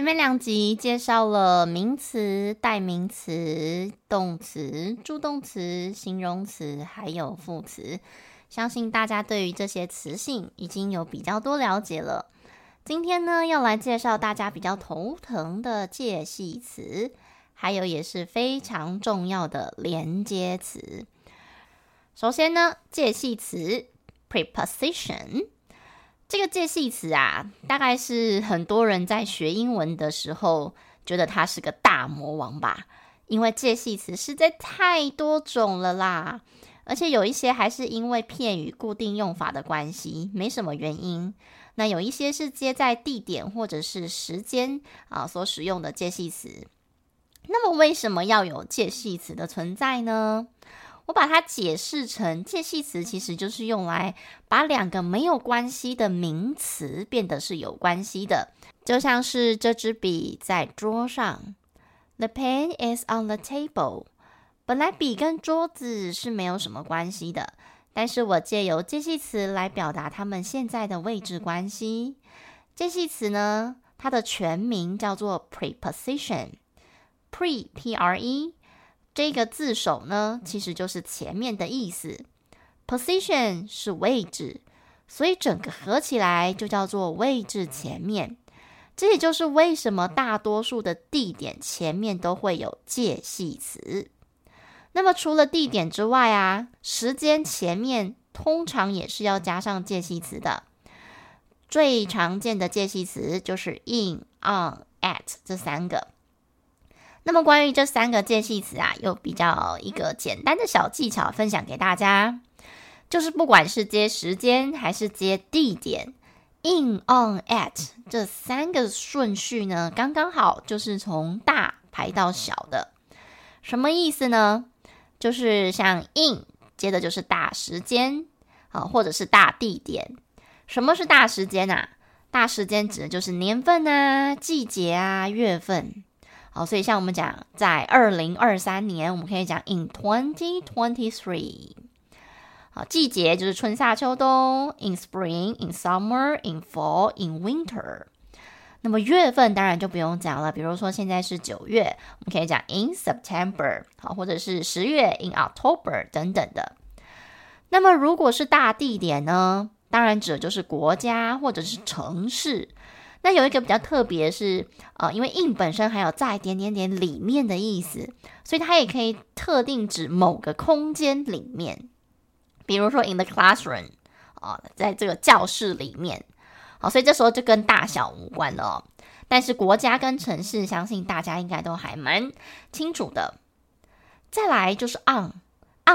前面兩集介紹了名詞、代名詞、動詞、助動詞、形容詞，還有副詞。相信大家對於這些詞性已經有比較多了解了。今天呢，要來介紹大家比較頭疼的介系詞，還有也是非常重要的連接詞。首先呢，介系詞 preposition。這個介系詞啊，大概是很多人在學英文的時候覺得它是個大魔王吧，因為介系詞實在太多種了啦，而且有一些還是因為片語固定用法的關係，沒什麼原因。那有一些是接在地點或者是時間啊所使用的介系詞。那麼，為什麼要有介系詞的存在呢？我把它解釋成介系詞，其實就是用來把兩個沒有關係的名詞變得是有關係的。就像是這支筆在桌上，The pen is on the table。本來筆跟桌子是沒有什麼關係的，但是我借由介系詞來表達他們現在的位置關係。介系詞呢，它的全名叫做 preposition，pre-p-r-e-pre。這個字首呢，其實就是前面的意思。Position 是位置，所以整個合起來就叫做位置前面。這也就是為什麼大多數的地點前面都會有介系詞。那麼除了地點之外啊，時間前面通常也是要加上介系詞的。最常見的介系詞就是 in、on、at 這三個。那麼，關於這三個介系詞啊，有比較一個簡單的小技巧分享給大家，就是不管是接時間還是接地點，in、on、at 這三個順序呢，剛剛好就是從大排到小的。什麼意思呢？就是像 in 接的就是大時間啊，或者是大地點。什麼是大時間啊？大時間指的就是年份啊、季節啊、月份。好，所以像我們講，在二零二三年，我們可以講 in twenty twenty three。好，季節就是春夏秋冬，in spring，in summer，in fall，in winter。那麼月份當然就不用講了，比如說現在是九月，我們可以講 in September。好，或者是十月 in October 等等的。那麼如果是大地點呢，當然指的就是國家或者是城市。那有一個比較特別的是，是呃，因為 in 本身還有在一點點點裡面的意思，所以它也可以特定指某個空間裡面，比如說 in the classroom，哦、呃，在這個教室裡面，好、呃，所以這時候就跟大小無關了哦。但是國家跟城市，相信大家應該都還蠻清楚的。再來就是 on，on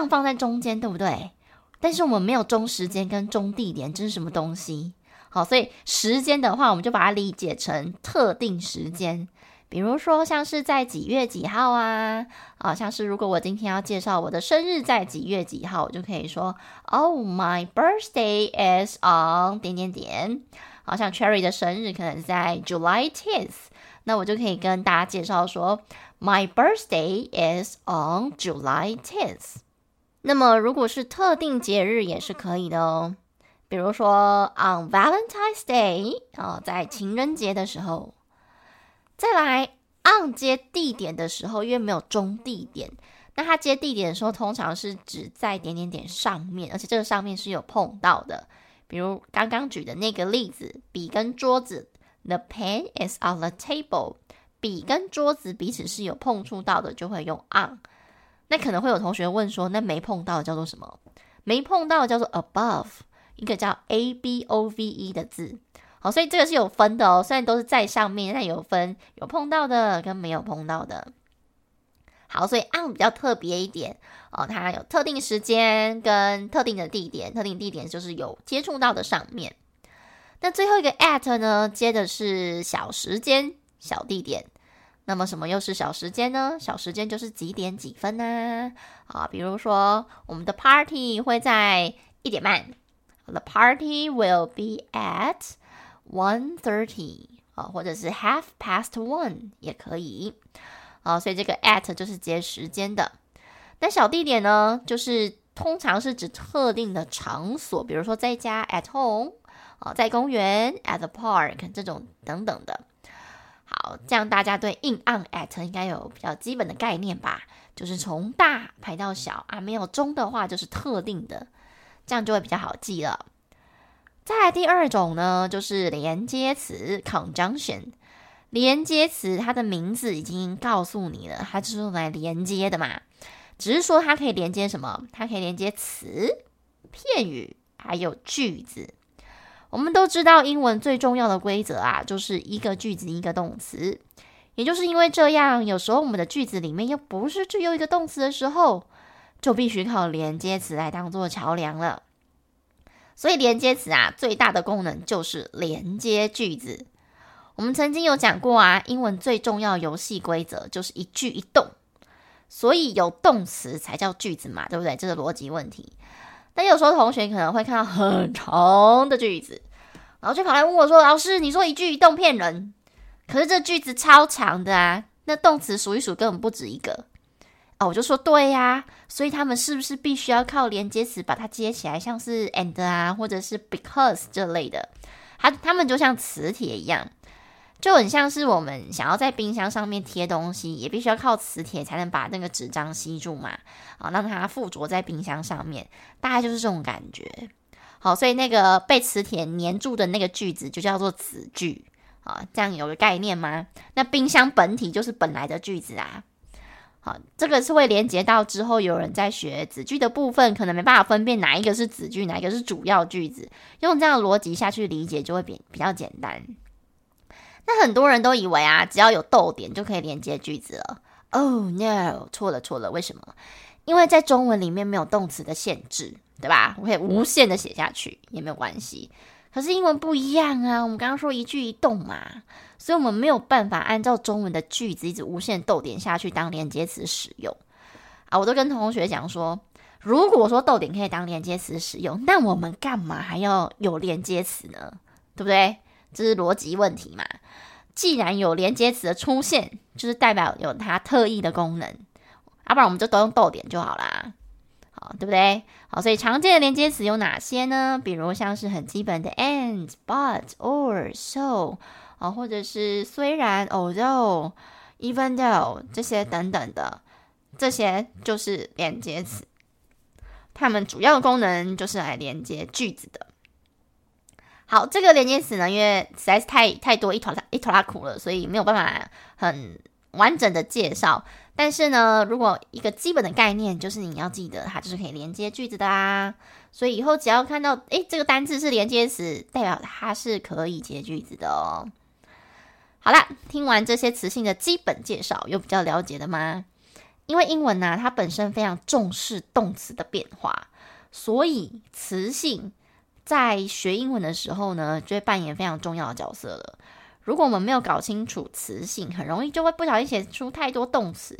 on 放在中間，對不對？但是我們沒有中時間跟中地點，這是什麼東西？好，所以時間的話，我們就把它理解成特定時間，比如說像是在幾月幾號啊，啊，像是如果我今天要介紹我的生日在幾月幾號，我就可以說，Oh, my birthday is on 點點點，好像 Cherry 的生日可能在 July 10th，那我就可以跟大家介紹說，My birthday is on July 10th。那麼如果是特定節日也是可以的哦。比如說，on Valentine's Day，啊、哦，在情人節的時候。再來 on 接地點的時候，因為沒有中地點，那它接地點的時候，通常是指在點點點上面，而且這個上面是有碰到的。比如剛剛舉的那個例子，筆跟桌子，the pen is on the table，筆跟桌子彼此是有碰觸到的，就會用 on。那可能會有同學問說，那沒碰到叫做什麼？沒碰到叫做 above。一個叫 A B O V E 的字，好，所以這個是有分的哦。雖然都是在上面，但有分有碰到的跟沒有碰到的。好，所以 on 比較特別一點哦，它有特定時間跟特定的地點。特定地點就是有接觸到的上面。那最後一個 at 呢，接的是小時間、小地點。那麼什麼又是小時間呢？小時間就是幾點幾分呢？啊，啊，比如說我們的 party 會在一點半。The party will be at one thirty 啊，或者是 half past one 也可以啊，所以這個 at 就是接時間的。但小地點呢，就是通常是指特定的場所，比如說在家 at home 啊，在公園 at the park 這種等等的。好，這樣大家對 in on at 應該有比較基本的概念吧？就是從大排到小啊，沒有中的話就是特定的。這樣就會比較好記了。再來第二種呢，就是連接詞 （conjunction）。連接詞它的名字已經告訴你了，它就是用來連接的嘛。只是說它可以連接什麼？它可以連接詞、片語，還有句子。我們都知道，英文最重要的規則啊，就是一個句子一個動詞。也就是因為這樣，有時候我們的句子裡面又不是只有一個動詞的時候。就必須靠連接詞來當作橋梁了。所以連接詞啊，最大的功能就是連接句子。我們曾經有講過啊，英文最重要遊戲規則就是一句一動，所以有動詞才叫句子嘛，對不對？這是邏輯問題。但有時候同學可能會看到很長的句子，然後就跑來問我說：“老師，你說一句一動騙人，可是這句子超長的啊，那動詞數一數根本不止一個。”哦，我就說對呀、啊，所以他們是不是必須要靠連接詞把它接起來，像是 and 啊，或者是 because 這類的？他它們就像磁鐵一樣，就很像是我們想要在冰箱上面貼東西，也必須要靠磁鐵才能把那個紙張吸住嘛，好，讓它附着在冰箱上面，大概就是這種感覺。好，所以那個被磁鐵黏住的那個句子就叫做子句，啊，這樣有個概念嗎？那冰箱本體就是本來的句子啊。好，這個是會連接到之後有人在學子句的部分，可能沒辦法分辨哪一個是子句，哪一個是主要句子。用這樣的邏輯下去理解，就會比比較簡單。那很多人都以為啊，只要有逗點就可以連接句子了。Oh no，錯了錯了，為什麼？因為在中文裡面沒有動詞的限制，對吧？我可以無限的寫下去，也沒有關係。可是英文不一樣啊，我們剛剛說一句一動嘛，所以我們沒有辦法按照中文的句子一直無限逗點下去當連接詞使用啊！我都跟同學講說，如果說逗點可以當連接詞使用，那我們幹嘛還要有連接詞呢？對不對？這是邏輯問題嘛。既然有連接詞的出現，就是代表有它特異的功能，要不然我們就都用逗點就好啦。對不對？好，所以常見的連接詞有哪些呢？比如像是很基本的 and、but、or、so 啊、哦，或者是雖然、although、even though 這些等等的，這些就是連接詞。它們主要的功能就是來連接句子的。好，這個連接詞呢，因為實在是太太多一拖拉一拖拉庫了所以沒有辦法很完整的介紹。但是呢，如果一個基本的概念就是你要記得它，就是可以連接句子的啦。所以以後只要看到，哎，這個單字是連接詞，代表它是可以接句子的哦。好啦，聽完這些詞性的基本介紹，有比較了解的嗎？因為英文呢，它本身非常重視動詞的變化，所以詞性在學英文的時候呢，就會扮演非常重要的角色了。如果我們沒有搞清楚詞性，很容易就會不小心寫出太多動詞。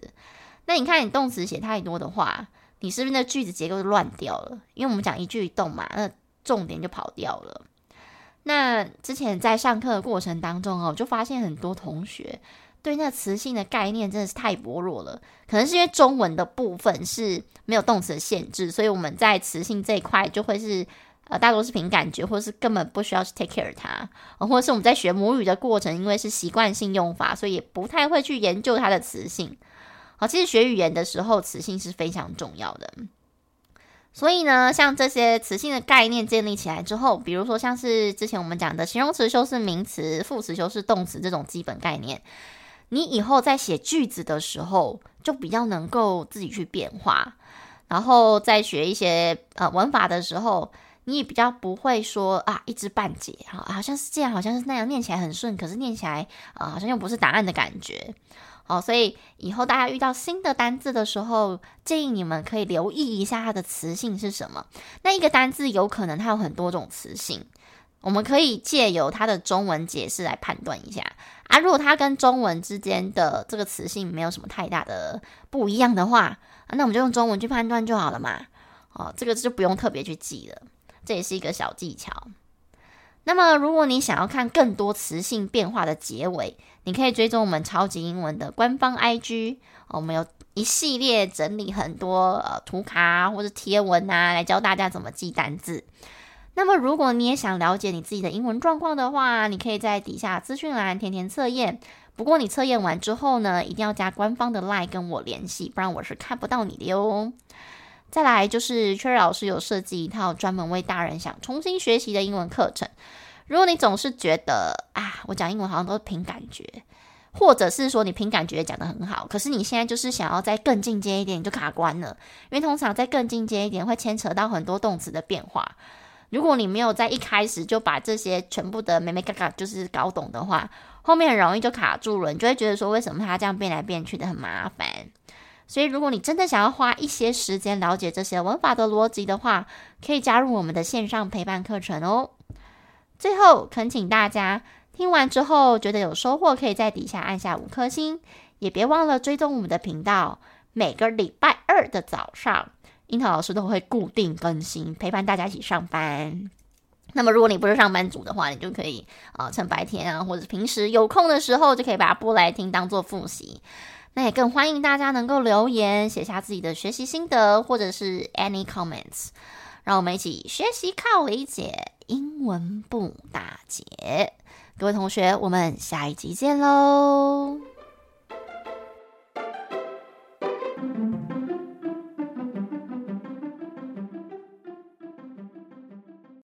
那你看，你動詞寫太多的話，你是不是那句子結構就亂掉了？因為我們講一句一動嘛，那重點就跑掉了。那之前在上課的過程當中哦，我就發現很多同學對那詞性的概念真的是太薄弱了。可能是因為中文的部分是沒有動詞的限制，所以我們在詞性這一塊就會是。呃，大多是憑感覺，或者是根本不需要去 take care 它，嗯，或者是我們在學母語的過程，因為是習慣性用法，所以也不太會去研究它的詞性。好，嗯，其實學語言的時候，詞性是非常重要的。所以呢，像這些詞性的概念建立起來之後，比如說像是之前我們講的形容詞修飾名詞、副詞修飾動詞這種基本概念，你以後在寫句子的時候就比較能夠自己去變化。然後在學一些呃文法的時候。你也比較不會說啊，一知半解哈，好像是這樣，好像是那樣，念起來很順，可是念起來啊，好像又不是答案的感覺，哦，所以以後大家遇到新的單字的時候，建議你們可以留意一下它的詞性是什麼。那一個單字有可能它有很多種詞性，我們可以借由它的中文解釋來判斷一下。啊，如果它跟中文之間的這個詞性沒有什麼太大的不一樣的話，啊，那我們就用中文去判斷就好了嘛。哦，這個就不用特別去記了。這也是一個小技巧。那麼，如果你想要看更多詞性變化的結尾，你可以追蹤我們超級英文的官方 IG。我們有一系列整理很多，呃、圖卡或者貼文啊，來教大家怎麼記單字。那麼，如果你也想了解你自己的英文狀況的話，你可以在底下資訊欄填填測驗。不過，你測驗完之後呢，一定要加官方的 LINE 跟我聯繫，不然我是看不到你的喲。再來就是 Cherry 老師有設計一套專門為大人想重新學習的英文課程。如果你總是覺得啊，我講英文好像都是憑感覺，或者是說你憑感覺講得很好，可是你現在就是想要再更進階一點，你就卡關了。因為通常再更進階一點會牽扯到很多動詞的變化。如果你沒有在一開始就把這些全部的眉眉角角就是搞懂的話，後面很容易就卡住了，你就會覺得說為什麼它這樣變來變去的很麻煩。所以，如果你真的想要花一些時間了解這些文法的邏輯的話，可以加入我們的線上陪伴課程哦。最後，懇請大家聽完之後覺得有收穫，可以在底下按下五顆星，也別忘了追蹤我們的頻道。每個禮拜二的早上，櫻桃老師都會固定更新，陪伴大家一起上班。那麼，如果你不是上班族的話，你就可以啊、呃，趁白天啊，或者平時有空的時候，就可以把它播來聽，當做複習。那也更歡迎大家能夠留言寫下自己的學習心得，或者是 any comments，讓我們一起學習靠理解，英文不打結。各位同學，我們下一集見嘍。